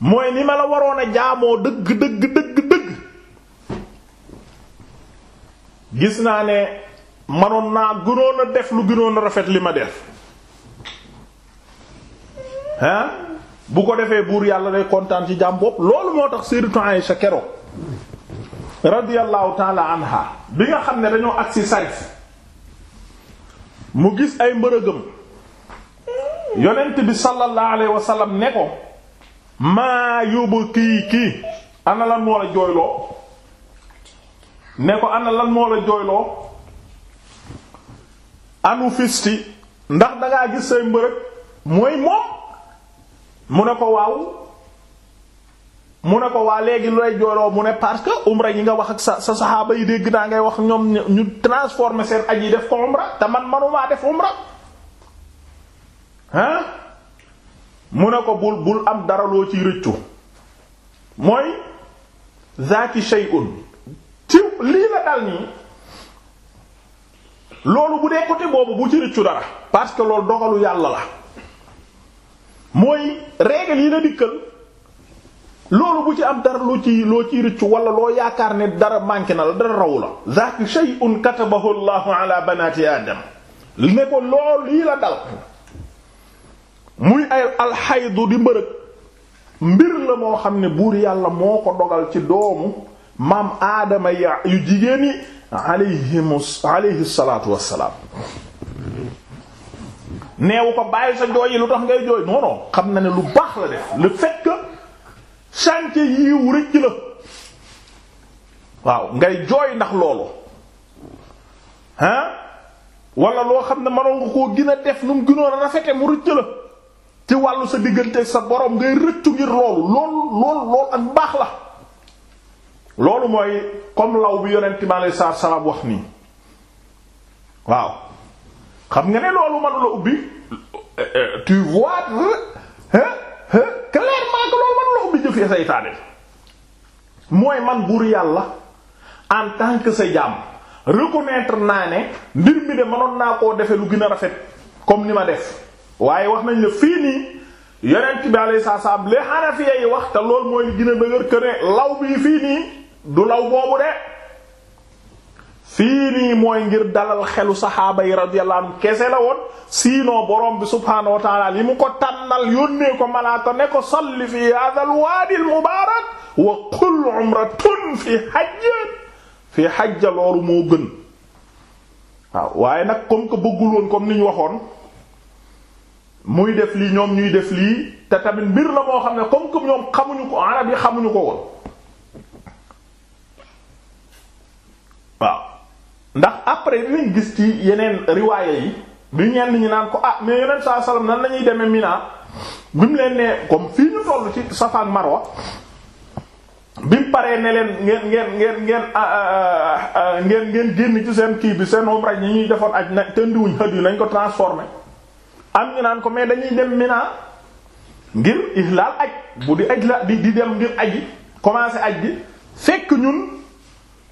mooy ni ma la waroon a jaamoo dëgg dëgg dëgg dëgg gis naa ne manoon naa gënoon a def lu gënoon rafet li ma def hein bu ko defee buur yàlla day kontaan ci jaam bopp loolu moo tax sayyidatu Aisha kero radiyallahu ta'ala anha bi nga xam ne dañoo agsi Sarif mu gis ay mbërëgëm yonent bi sallallahu alayhi wa sallam ne ko maa yóbbu kii kii ana lan moo la jooyloo ne ko ana lan moo la jooyloo anu fisti ndax dangaa gis say mbërëg mooy moom mu ne ko waaw mu ne ko waa léegi lu lay jooyloo mu ne parce que umra yi nga wax ak sa sa saxaaba yi dégg naa ngay wax ñoom ñu transformer seen aj yi def ko umra te man manumaa def umra ah mu ne ko bul bul am dara loo ci rëccu mooy zaaki shay'un ci lii la dal nii loolu bu dee côté boobu bu ci rëccu dara parce que loolu doxalu yàlla la mooy règle yi la dikkal loolu bu ci am dara lu ci loo ciy rëccu wala loo yaakaar ne dara manqué na la dara raw la zaaki shay'un katabahu Allahu ala banati adam ne ko loolu lii la dal muy ay alxaydu di mbërëg mbir la moo xam ne buur yàlla moo ko dogal ci doomu maam aadama ya yu jigéen yi alayhimus alayhi salaatu wassalaam neewu ko bàyyi sa jooy yi lu tax ngay jooy non xam na ne lu baax la def le fait que chantier rëcc la waaw ngay jooy ndax loolu ah wala loo xam ne mënoon nga koo gën a def nu mu gënoon a rafete mu rëcc la ci wàllu sa diggante sa borom ngay rëccu ngir loolu loolu loolu loolu ak mbaax la loolu mooy comme law bi yonent bi alei salaatu salaam wax nii waaw xam nga ne loolu mënu ubbi tu vois clairement que mooy man buur yàlla en tant que sa jaam reconnaître naa ne mbir mi de mënoon naa koo defe lu gën a rafet comme ni ma def waaye wax nañ ne fii nii yonent bi alayhi salaam le Hanafiya yi wax te loolu mooy li gën a dëgër que law bii fii nii du law boobu de fii nii mooy ngir dalal xelu saxaaba yi radiyallahu kese la woon sinon borom bi subhaanahu wa taala li mu ko tànnal yónnee ko malaaka ne ko salli fi hadhal waadil mubaarak wa qul umratun fi hajja fi hajja loolu moo gën waaw waaye nag comme que bëggul woon comme ni waxoon. muy def lii ñoom ñuy def lii te tamit mbir la moo xam ne comme que ñoom xamuñu ko arab yi xamuñu ko woon waaw ndax après dinañ gis ci yeneen riwaaye yi bi ñenn ñi naan ko ah mais yeneen saa salaam nan lañuy demee Mina bi mu leen nee comme fii ñu tollu ci Safa Marwa bi mu paree ne leen ngeen ngeen ngeen ngeen ah, ah, ah, ngeen ngeen génn ci seen kii bi seen umra ñi ñuy defoon aj na tëndiwuñ xët yu nañ ko transformé am ñu naan ko mais dañuy dem Mina ngir ihlaal aj bu di aj la di di dem ngir aji commencé aj bi fekk ñun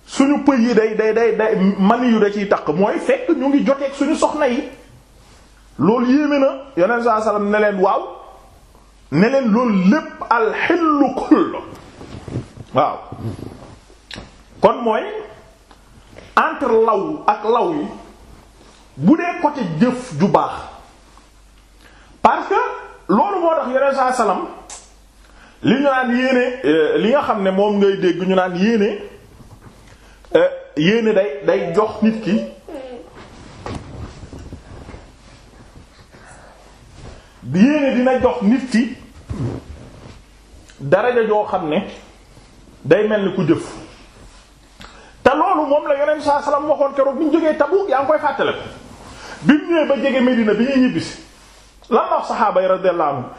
suñu pëy yi day day day day mani yu da ciy taq mooy fekk ñu ngi joteeg suñu soxna yi loolu yéeme na yonent saa waaw ne leen waaw kon mooy entre law ak law yi bu dee côté jëf ju baax parce que loolu moo tax yeneen saa salaam li ñu naan yéene euh, li nga xam ne moom ngay dégg ñu naan yéene euh, yéene day day jox nit ki yéene dina jox nit ki daraja joo xam ne day mel ni ku jëf te loolu moom la yeneen sa salaam waxoon keroog bi ñu jógee Tabuk yaa ngi koy fàttale ko bi mu ñëwee ba jege Medina bi ñuy ñibbisi lan la wax saxaaba yi radiyallahu anhum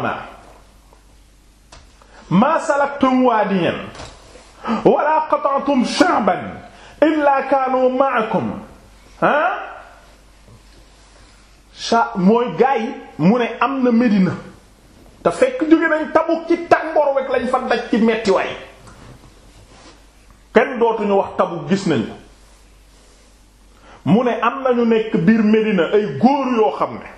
inna salaktum waadiyan wala qata'tum sha'ban illa kaanu ma'akum ah mooy gaa mu ne am na Medina te fekk jóge nañ Tabuk ci tàngoor wek lañ fa ci metti waay kenn dootuñu wax Tabuk gis nañu mu ne am nañu nekk biir Medina ay góor yoo xam ne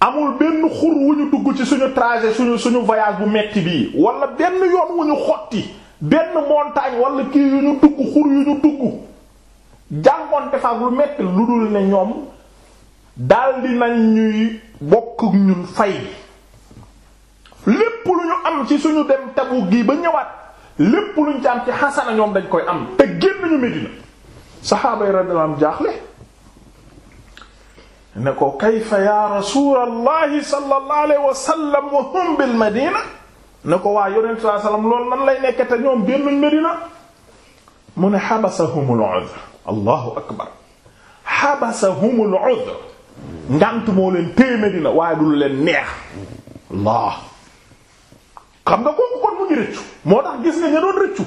amul benn xur wu ñu dugg ci suñu trajet suñu suñu voyage bu metti bii walla benn yoon wu ñu xotti benn montagne wala kii yu ñu dugg xur yu ñu dugg jàngoonte faak lu metti lu dul ne ñoom daldi nañ ñuy bokk ñun fay lépp lu ñu am ci suñu dem tabu gi ba ñëwaat lépp luñ ci am ci ñoom dañ koy am te génn ñu Medina saxaaba yi radiyallahu anhum jaaxle ne ko kayfa ya rasulallahi sallallahu alayhi wa sallam wa hum bil madina ne ko waa yonent sallallahu alayhi wa sallam lay nekk te ñoom génnuñ Medina mu ne xabasahumul udhr allahu akbar xabasahumul udhr ngant moo leen téye Medina waaye du leen neex Allah xam nga kooku kon mu ngi rëccu moo tax gis nga ña doon rëccu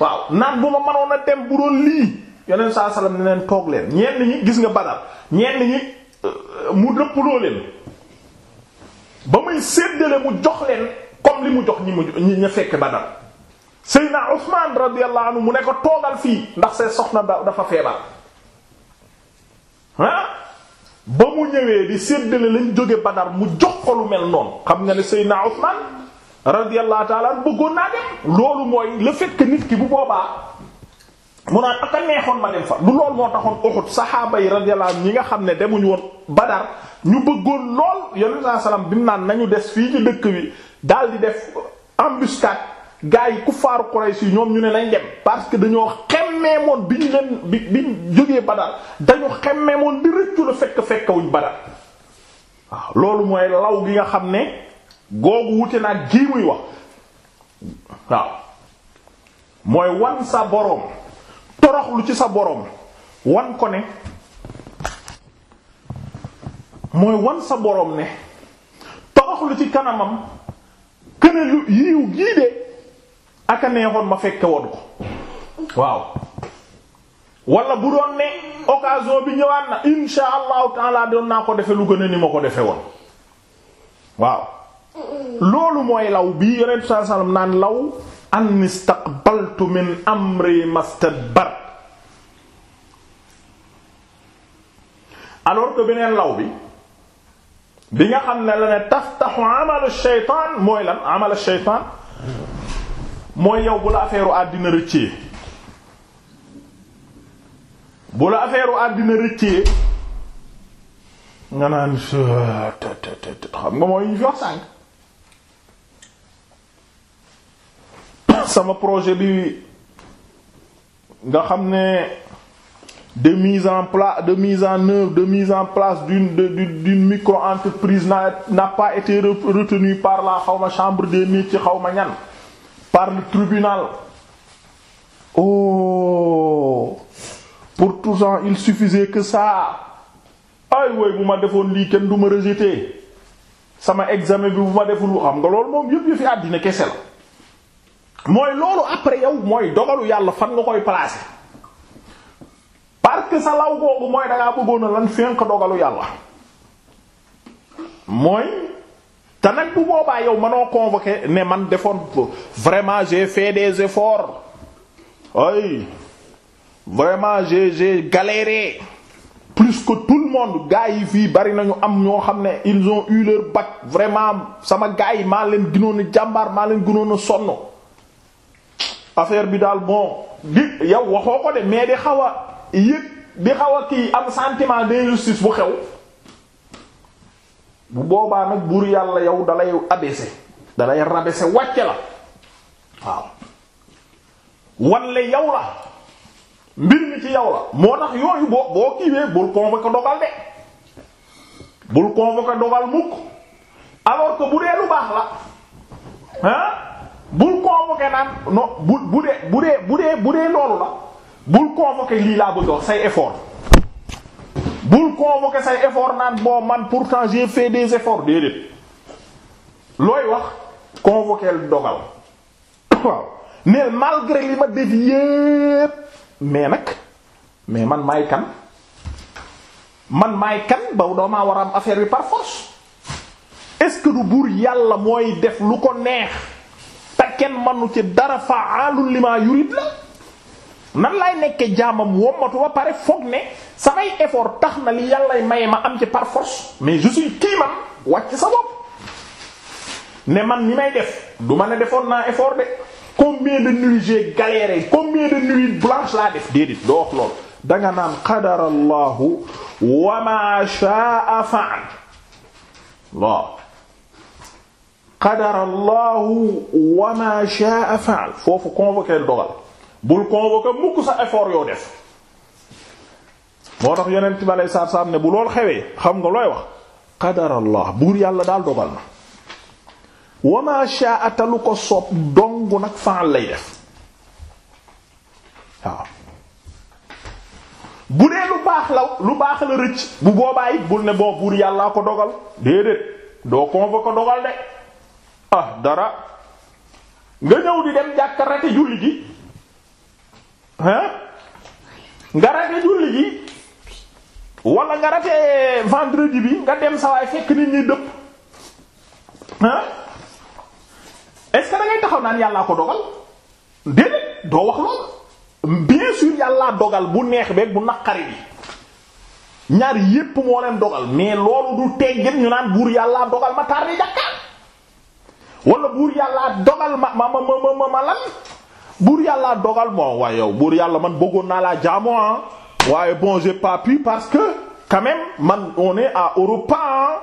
waaw naan bu ma mënoon a bu doon lii yeneen saa salaam ne leen toog leen ñenn ñi gis nga Badar ñenn ñi euh, mu dëppuloo leen ba muy seddale mu jox leen comme li mu jox ñi mu ñi fekk Badar Seydina Usmaan radiyallahu mu ne ko toogal fii ndax seen soxna dafa feebar ah ba mu ñëwee di séddale lañ jóge Badar mu jox ko mel noonu xam nga ne Seydina Usmaan radiyallahu taala bëggoon naa dem loolu mooy le fait nit ki bu boobaa mu naan neexoon ma dem fa du loolu moo taxoon Uhud saxaaba yi radiyallahu anhum ñi nga xam ne demuñu woon Badar ñu bëggoon lool yonent saa salaam bi mu naan nañu des fii ci dëkk bi daal di def embuscade gars yi kuffaaru Quraysh yi ñoom ñu ne lañ dem parce que dañoo xemmeemoon bi ñu leen bi bi jógee Badar dañu xemmeemoon di rëccu la fekk fekkewuñ Badar waaw loolu mooy law gi nga xam ne. googu wute nag gii muy wax waaw mooy wan sa boroom toroxlu ci sa boroom wan ko ne mooy wan sa boroom ne toroxlu ci kanamam këne lu yiw gii de aka neexoon ma fekke woon ko waaw wala bu doon ne occasion bi ñëwaat na insha allahu taala doon naa ko defe lu gën a ni ma ko defe woon waaw loolu mooy law bi yonent bi sallallahu alayhi wasallam law an istaqbaltu min amri mastadbar alors que beneen law bi bi nga xam ne la ne taftaxu amalu shaytaan mooy lan amalu shaytaan mooy yow bu la affaire àddina rëccee bu la affaire àddina rëccee nga naan xam nga mooy ñu fi wax sànk sama projet bi nga xam ne de mise en place de mise en œuvre de mise en place d'une d'une micro-entreprise n'a pas été retenu par la xawma chambre des métiers xawma ñan par le tribunal oh pour tout ça il suffisait que ça ay woy bu ma defoon lii kenn du ma rejeter sama examen bi bu ma deful xam nga loolu moom yëpp yëfi àddina kese la mooy loolu après yow mooy dogalu yàlla fan nga koy placer parce que sa law googu mooy dangaa bëggoon lan fenk dogalu yàlla mooy te nag bu boobaa yow manoo convoquer ne man defoon vraiment j'ai fait des efforts ay vraiment j'ai j'ai galéré plus que tout le monde gars yi fii bari nañu am ñoo xam ne ils ont eu leur bac vraiment sama gars yi maa leen gënoon a jàmbaar maa leen gënoon a sonn affaire bi daal bon di yow waxoo ko de mais di xaw a yëg di xaw a kii am sentiment d'injustice bu xew bu boobaa nag buur yàlla yow dalay abaisser dalay rabaisser wàcce la waaw wanle yow la mbir mi ci yow la moo tax yooyu boo boo kiiwee bul convoquer dogal de bul convoquer dogal mukk alors que bu dee lu baax la ah bul convoqué naan non bu bu dee bu dee bu dee bu dee loolu la bul convoqué lii laa bëgg wax say effort bul convoqué say effort naan boo man pourtant j'ai fait des efforts déedéet looy wax convoqué dogal waaw malgré li ma def yépp mais nag mais man maay kan man maay kan ba doomaa war am affaire bi par est-ce que du buur yàlla mooy def lu ko neex te kenn manu ci dara fa'aalun limaa yurid la nan lay nekke jaamam wommatu ba pare foog ne samay effort tax na li yàllay maye ma am ci par mais je suis kiimam wàcc sa ne man ni may def du ma ne defoon na effort de combien de nuits j'ai galéré combien de nuits blanches laa def déedéet doo wax danga naan qadarallahu wa ma sha'a fa'al waaw qadara allahu wa ma sha'a fa'al foofu convoquer dogal bul convoquer mukk sa effort yoo def moo tax yonent bi aleyhi salaatu salaam ne bu lool xewee xam nga looy wax qadara allah buur yàlla daal dogal na wa ma sha'a ta lu ko soob dong nag fa'al lay def waaw bu dee lu baax la lu baax la rëcc bu boobaa bul ne boo buur yàllaa ko dogal déedéet doo convoquer dogal de ah dara nga ñëw di dem jàkka rate julli gi hein nga rate julli gi wala nga rate vendredi bi nga dem sawaay fekk nit ñi dëpp hein est-ce que taxaw naan yàllaa ko dogal déedéet doo wax lool bien sûr yàllaa dogal bu neex beeg bu naqari bi ñaar yépp moo leen dogal mais loolu du teggin ñu naan buur yàllaa dogal ma tardé jàkka wala buur yàllaa dogal ma ma ma ma ma ma lan buur yàllaa dogal bon waaye yow buur yàlla man bëggoon naa laa jaamu ah waaye bon j'ai pas pu parce que quand même man on est à Europa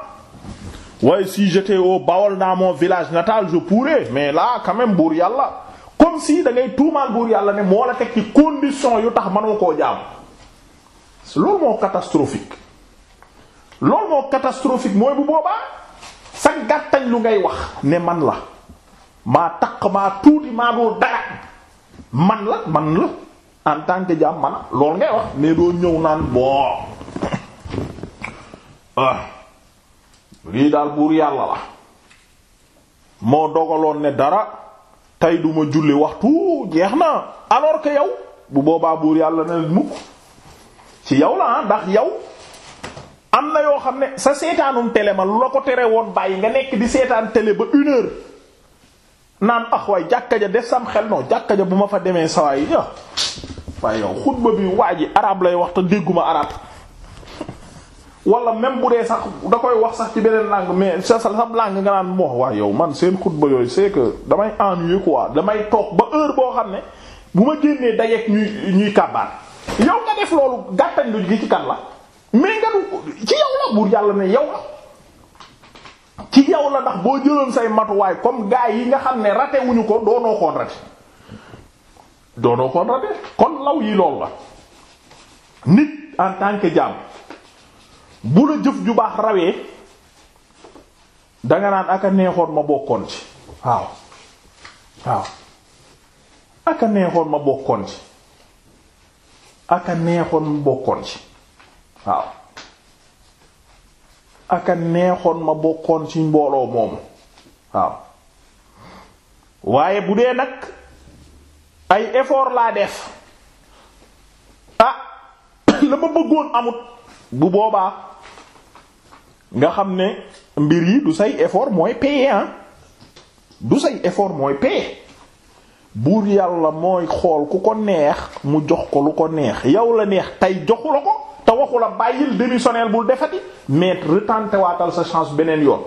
waaye ah. si j'étais au Baol dans mon village natal je pourrais mais là quand même buur yàlla comme si da ngay tuumaal buur yàlla ne moo la teg ci condition yu tax mënoo koo jaam loolu moo catastrophique loolu moo catastrophique mooy bu boobaa. sa gàttañ lu ngay wax ne man la maa taq maa tuuti maa doo dara man la man la en tant que jaam man loolu ngay wax mais doo ñëw naan boo ah. lii daal buur yàlla la moo dogaloon ne dara tey duma julli waxtu jeex na alors que yow bu boobaa buur yàlla na mukk ci yow la ah, ndax yow am na yoo xam ne sa seetaanum télé ma lu la ko tere woon bàyyi nga nekk di seetaan tele ba une naan ax ah waaye jàkka ja def sam xel non jàkka ja bu ma fa demee sawaay ah. yi yow xutba bi waa ji arab lay wax te dégguma arab wala même bu dee sax da koy wax sax ci beneen langue mais sa sa langue nga naan moo wax yow man seen xutba yooyu c'est que damay ennuyé quoi damay toog ba heure boo xam ne bu ma génnee dajeek ñuy ñuy kàbbaat yow nga def loolu kan la mais nga du ci yow la buur yàlla ne yow la ci yow la ndax boo jëloon say matuwaay comme gaa yi nga xam ne rate ko doonoo koon rate doonoo koon kon law yi lool la nit en tant jàmm jaam bu la jëf ju baax rawee danga naan aka neexoon ma bokkoon ci waaw waaw aka neexoon ma bokkoon ci aka neexoon ma bokkoon ci waaw aka neexoon ma bokkoon ci mbooloo moomu waaw waaye bu dee nag ay effort laa def ah la ma bëggoon amut bu boobaa nga xam ne mbir yi du say effort mooy paye ah du say effort mooy paye buur yàlla mooy xool ku ko neex mu jox ko lu ko neex yow la neex tey joxu la ko te waxu la bàyyil démissionnel bul defati mais retenter waatal sa chance beneen yoon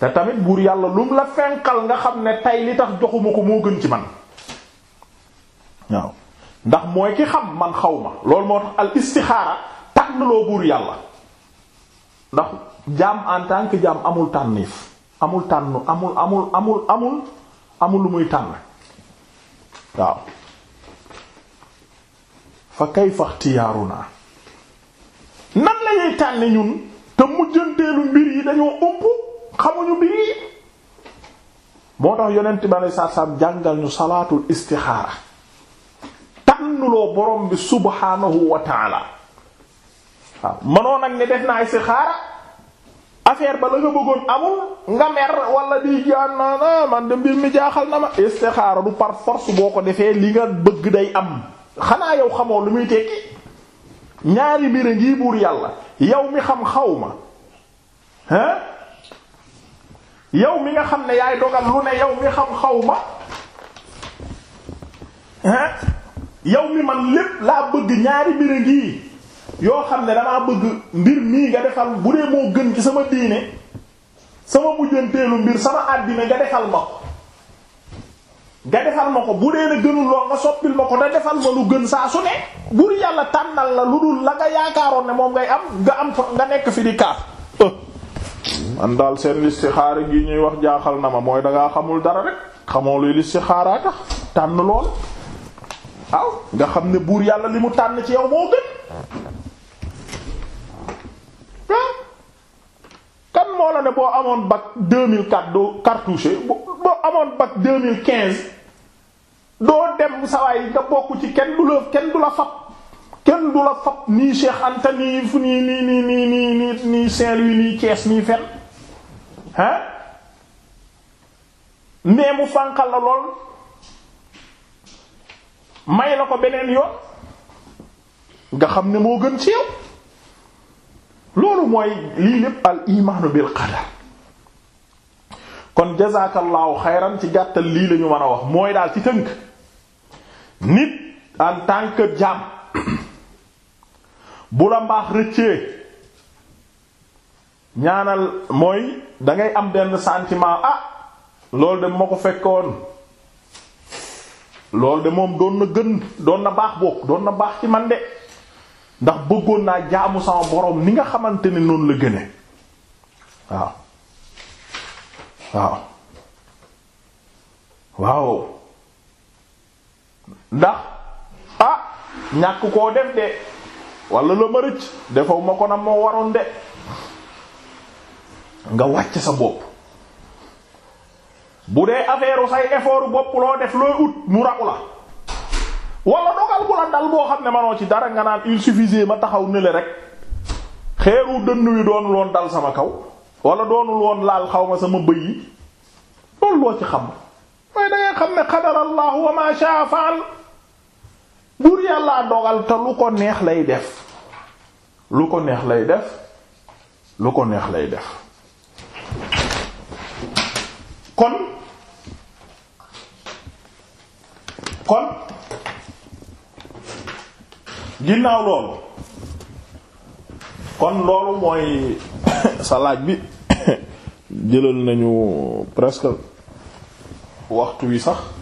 te tamit buur yàlla lum la fenkal nga xam ne tey li tax joxuma ko moo gën ci man waaw ndax mooy ki xam man xaw ma loolu moo tax al istixaara tànnloo buur yàlla ndax jaam en tant que jaam amul tànniif amul tànn amul amul amul amul amul lu muy tànn waaw fa kayfa ixtiyaaruna nan lañuy tànne ñun te mujjanteelu mbir yi dañoo ump xamuñu mbir yi moo tax yonent bi alei saatu salaam jàngal ñu salaatul istixaara tànnuloo borom bi subhaanahu wa taala waaw mënoon nag ne def naa istixaara affaire ba la nga bëggoon amul nga mer wala di jaan naa man de mbir mi jaaxal na ma istixaara du par force boo ko defee li nga bëgg day am xanaa yow xamoo lu muy tekki ñaari mbir a ngi buur yàlla yow mi xam xaw ma hein yow mi nga xam ne yaay dogal lu ne yow mi xam xaw ma hein yow mi man lépp laa bëgg ñaari mbir a ngi yoo xam ne danaa bëgg mbir mii nga defal bu dee moo gën ci sama diine sama mujjanteelu mbir sama àddina nga defal ma nga defal ma ko bu dee ne gënul loo nga soppil ma ko te defal ma lu gën saa su ne bur yàlla tànnal la lu dul la nga yaakaaroon ne moom ngay am nga am nga nekk fi di kaat man daal seen listixaara gi ñuy wax jaaxal na ma mooy dangaa xamul dara rek xamoo luy listixaaraa tax tànn lool aw nga xam ne buur yàlla li mu tànn ci yaw moo gën kan moo la ne boo amoon bac 2004 doo cartouché boo amoon bac 2015 doo dem sawaay nga bokk ci kenn du la kenn du la fab kenn du la fab nii Cheikh Anta nii fu nii nii nii nii nii nii nii Saint-Louis nii Thiès nii fen ah mais mu fànqal la lool may la ko beneen yoon nga xam ne moo gën ci yow loolu mooy lii yépp al imaanu bil qadar kon jazaakallahu xayran ci gàttal lii lañu ñu mën a wax mooy daal ci tënk nit en tant que jaam bu la mbaax rëccee ñaanal mooy da ngay am benn sentiment ah loolu de moo ko fekkoon lool de moom doon na gën doon na baax bokk doon na baax ci man de ndax bëggoon naa jaamu sama borom ni nga xamante ni noonu la gën waaw waaw waaw ndax ah ñàkk koo def de wala la ma rëcc defaw ma ko na moo waroon de nga wàcc sa bopp bu dee affaire say effort bopp loo def looy ut mu raku la wala dogal bu la dal boo xam ne manoo ci dara nga naan il suffisait ma taxaw nele rek xeeru dënn wi doonul loon dal sama kaw wala doonul woon laal xaw ma sama bëy yi loolu loo ci xam mooy dangay xam ne qadarallahu wa ma sha'a fa'al buur yàllaa dogal te neex lay def lu ko neex lay def lu ko neex lay def kon kon ginnaaw loolu kon loolu mooy sa laaj bi jëlal nañu presque waxtu wi sax